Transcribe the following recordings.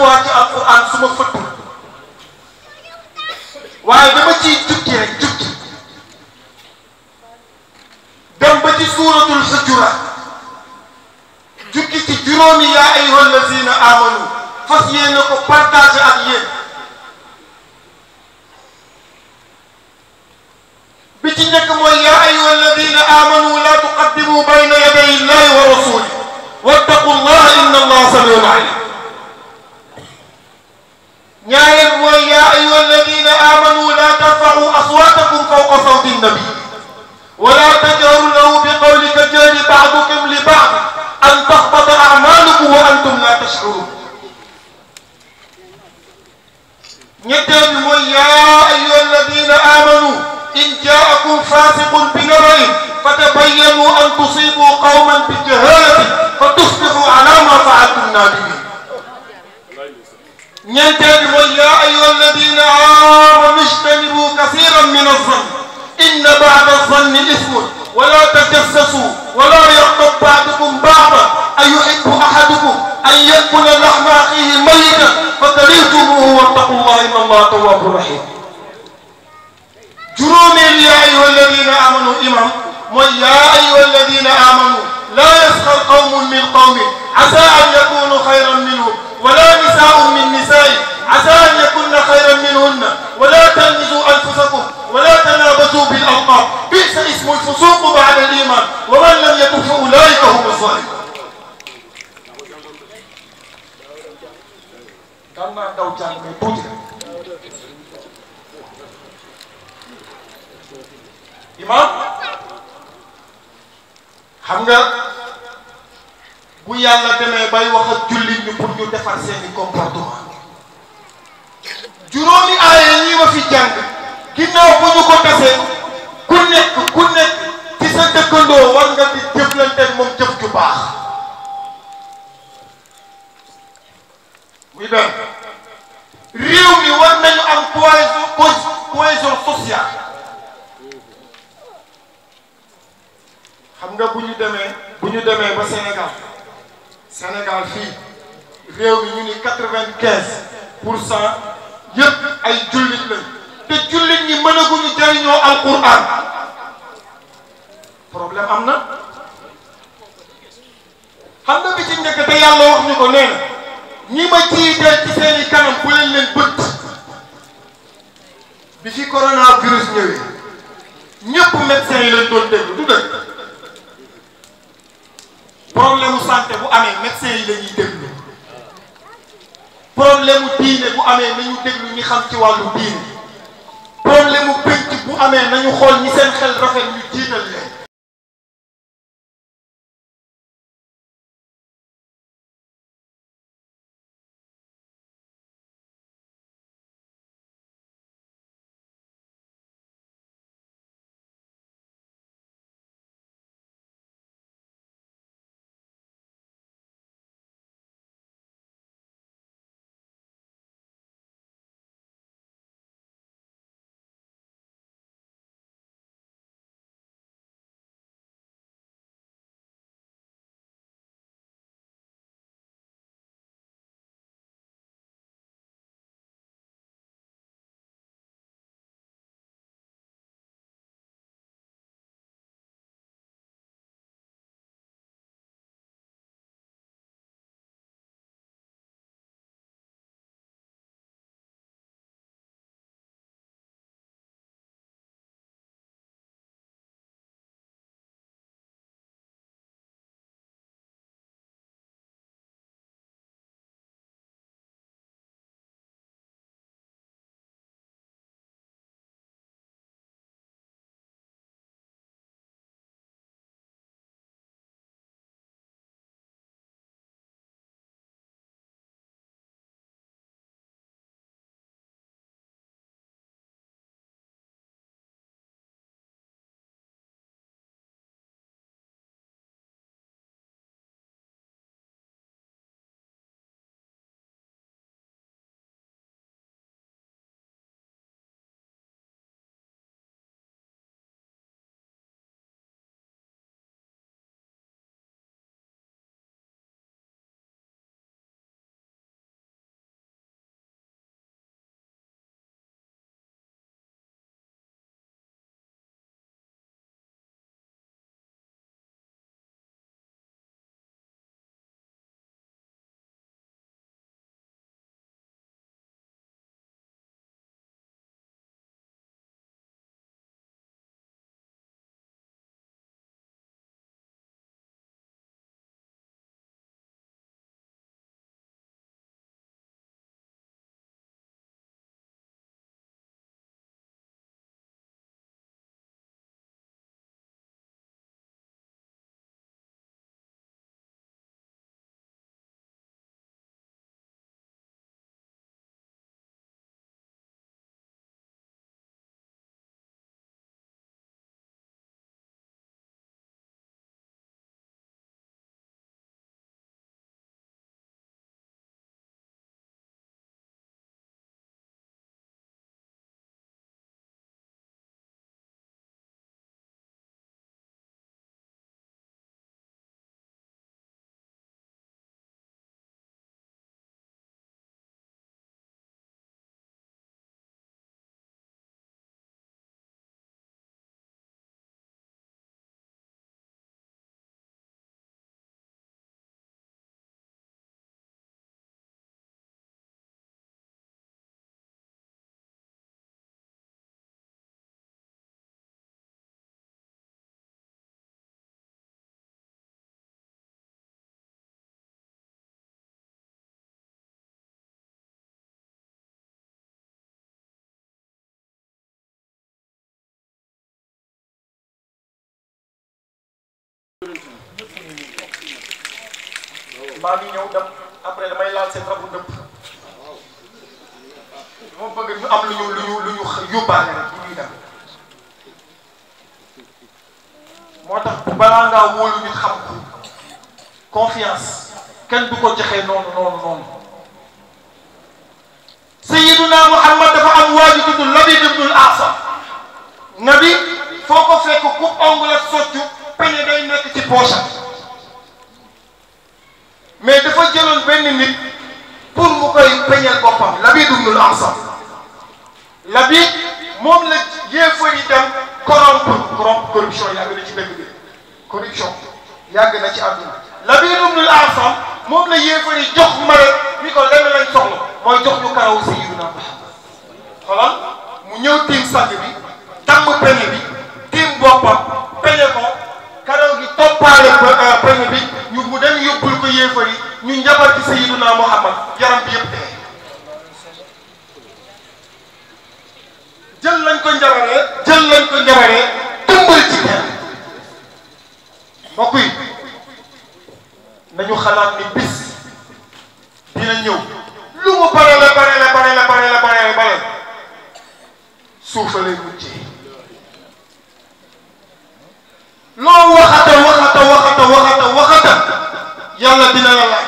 fois ci alquran su ma fëttul waaye dama ciy jukki rek jukki dem ba ci suuratul xujura jukki ci juróomi yaa ayyuha allazina amanu fas yéene ko partagé ak yéen bi ci njëkk mooy yaa ayyuha allazina amanu la tuqaddimu bayna yaday illahi wa rasuli wattaqu allah inna allah samiun alim وارفعوا أصواتكم فوق صوت النبي ولا تجهروا له بقول كجهل بعضكم لبعض أن تحبط أعمالكم وأنتم لا تشعرون ñetteel bi mooy yaa ayyuha alladina amanu in jaakum fasiqun bi nabain fatabayyanu an tusibu qawman bi ننتبه ويا أيها الذين آمنوا اجتنبوا كثيرا من الظن إن بعض الظن إثم ولا تجسسوا ولا يغضب بعضكم بعضا أيحب أحدكم أن يأكل لحم أخيه ميتا فتليتموه واتقوا الله إن الله تواب رحيم جرومي يا أيها الذين آمنوا إمام ويا أيها الذين آمنوا لا يسخر قوم من قوم عسى أن يكونوا خيرا منهم ولا نساء من نساء عسى أن يكون خيرا منهن ولا تلمزوا أنفسكم ولا تنابزوا بالألقاب بئس اسم الفسوق بعد الإيمان ومن لم يكف أولئك هم الظالمون Imam, xam nga bu yàlla demee bay wax jullit ñi pour ñu defar seeni comportement juróomi aaya ñi ma fi jàng ginnaaw bu ñu ko tasee ku nekk ku nekk ci sa dëkkandoo war nga di jëflanteeg moom jëf ju baax réew mi war nañu am cohésion sociale xam nga bu ñu demee bu ñu demee ba Sénégal Sénégal fii réew mi ñu ni quatre-vingt-quinze pour cent yëpp ay jullit lañ te jullit ñi mënaguñu jëriñoo alquran problème am na xam nga bi ci njëkk te yàlla wax ko nee ñi ma jiitee ci seen kanam bu leen bët bi fi coronavirus ñëwee ñëpp médecins yi leen doon déglu bu amee nañu déglu ñi xam ci wàllu diine problème mu pénc bu amee nañu xool ñi seen xel rafet ñu jiital maam yi ñëw dem après damay laal seen rabu ndëpp moo bëgg ñu am lu ñu lu ñu lu ñu yóbbaale rek bu ñuy dem moo tax balaa ngaa wóolu nit xam ko kenn du ko joxee noonu noonu noonu sayiduna muhammad dafa am waaju tudd labib ibnul asam nabi foo ko fekk ku onglet soccu peñe day nekk ci poosam benn nit pour mu koy peñal bopam boppam Labiid ibnul Asam Labiid moom la yéefar yi dem corrompre corrompre corruption yag na ci dëkk bi corruption yag na ci aduna àdduna Labiid ibnul Asam mom la yéefar yi jox mare mi ko lenn lañ soxlo mooy jox ñu karaw Sayyidina Muhammad xoolal mu ñëw tiim sànni bi tam peñe bi tiim bopam peñe ko karaw gi topale toppaale euh, peñe bi ñu mu dem yóbbu doomi yi ñu njabar ci Sayyiduna Muhammad yaram bi yëpp jël lañ ko njabaree jël lañ ko ci kenn mbokk yi nañu xalaat ni bis dina ñëw lu mu bare la bare la bare la bare la bare la bare suufa loo waxata waxata waxata waxata waxata yàlla dina la laaj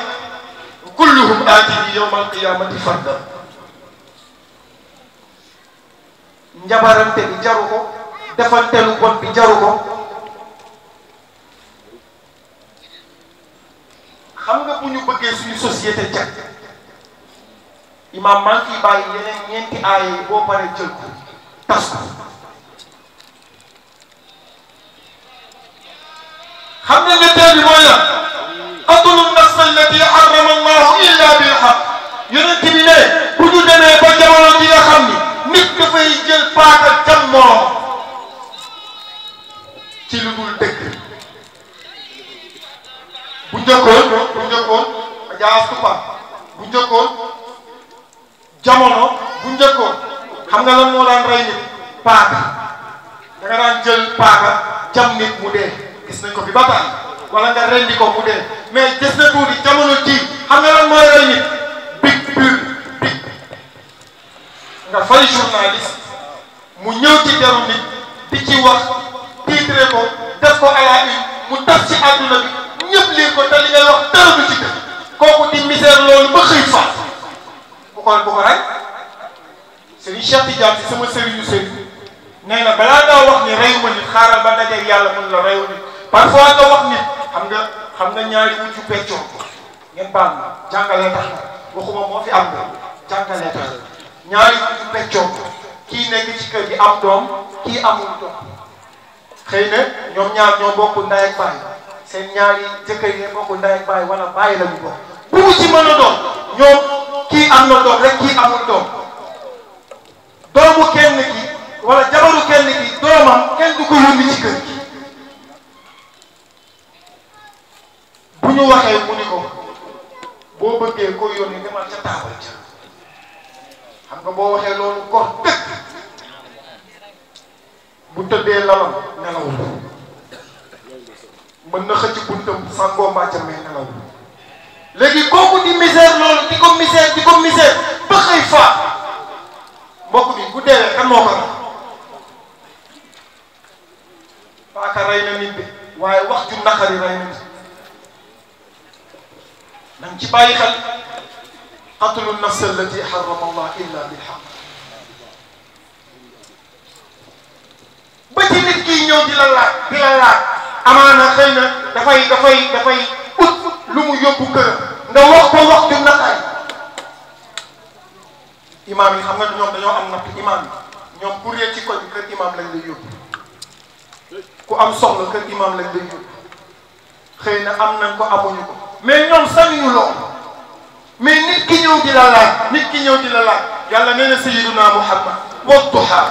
kulluhum aatihi yowma alqiyamati njabarante bi jaru ko defantelu bon bi jaru nga bu ñu bëggee suñu société jag imaam maa ngi bàyyi yeneen ñeenti aaya yi boo paree jël ko tas ko xam nga ñetteel alladi harrama allahu illa bil haq yonent bi ne bu ñu demee ba jamono ji nga ni nit dafay jël paaka jam morom ci lu dul dëgg bu njëkkoon bu njëkkoon jaastu bu njëkkoon jamono bu njëkkoon xam nga lan moo daan rey nit paaka da daan jël paaka jam nit mu dee gis nañ ko fi ba tàyyi wala nga rendi ko mu dee mais gis na tuuti jamono ji xam nga lan mooy rey nit big big nga fay journaliste mu ñëw ci deru nit di ci wax tiitre ko def ko à la mu tas ci àdduna bi ñëpp lii ko te ngay wax dara du ci def kooku di misère loolu ba xëy fa bu ko bu ko rey Serigne Cheikh Tidiane si sama sëriñu sëriñ nee na balaa ngaa wax ni reyu ma nit xaaral ba dajeeg yàlla mën la reyu nit parfois nga wax nit xam nga xam nga ñaari wujju peccoo ngeen baal ma jàngalee tax waxuma moo fi am na jàngalee tax ñaari wujju peccoo kii nekk ci kër gi am doom kii amul doom xëy na ñoom ñaar ñoo bokk ndaay ak baay seen ñaari jëkkër yi bokk ndaay ak la ñu bokk bu mu ci mën a doon ñoom kii am na doom rek kii doomu kenn ki wala jabaru kenn ki doomam kenn du ko yónni ci buddee ko yónni demal ca taabal ca xam nga boo waxee loolu gox dëkk bu tëddee lalam nelawul mën na xëcc buntam sangoo mbàccam mais nelawul léegi kooku di misère loolu di ko misère di ko misère ba xëy faat mbokk bi bu deewee kan moo ko rey paaka rey na nit bi waaye wax ju nañ ci bàyyi xel qatlu nafs allati harrama allah illa bil haqq ba ci nit kii ñëw di la laaj di la laaj amaana xëy na dafay dafay dafay ut lu mu yóbbu këram nga wax ko wax ju naqari imaam yi xam nga ñoom am natt imaam yi ku réer ci koñ ku am soxla kër imaam lañ lay xëy na am nañ ko amuñu ko mais ñoom sañuñu lool mais nit ki ñëw di la laaj nit ki ñëw di la laaj yàlla nee na sayiduna muhammad wadduha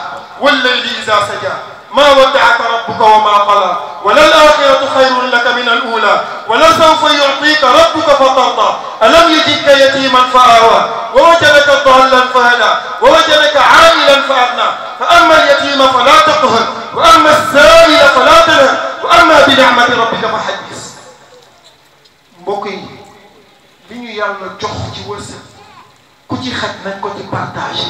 wallayli iza saja ma waddaaka rabbuka wa ma qala wa lal axiratu xayrun laka min al ula wa la sawfa yutika rabbuka fa tarda alam yajidka yatiman fa awa wa wajadaka dallan fa hada wa wajadaka aamilan fa agna fa amma al yatima fala taqhar wa amma as saila fala tanhar wa amma bi nicmati rabbika fa haddis mbokk yi li ñu yàlla jox ci wërsëg ku ci xaj nañ ko ci partage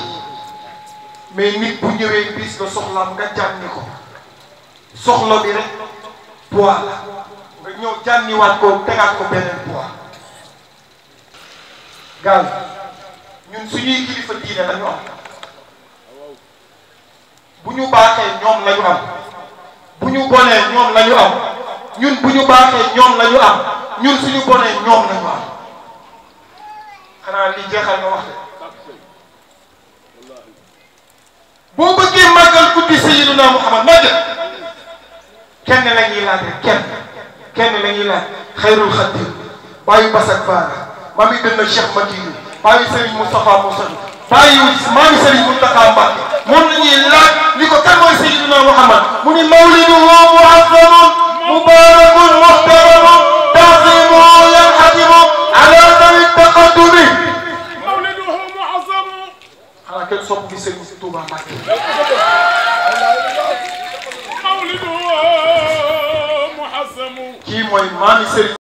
mais nit bu ñëwee bis ba soxlaam nga jànni ko soxla bi rek poids nga ñëw jànniwaat ko tegaat ko beneen poids gaaw ñun suñuy kilifa diine dañu am bu ñu baaxee ñoom la am bu ñu bonee ñoom la am ñun bu ñu baaxee ñoom la am ñun suñu bonee ñoom nañu wax xanaa li jeexal nga wax de boo bëggee màggal guddi Sayyiduna Muhammad màggal kenn la ñuy laaj rek kenn kenn la ñuy laaj xayrul xatim bàyyi Basak Baara maam yi dënna Cheikh Makiyu bàyyi Serigne Moustapha Moussa bàyyi maam yi Serigne Moustapha Mbacke moom la ñuy laaj ni ko kan mooy Sayyiduna Muhammad mu ni mawliduhu mu'azzamu My imani said.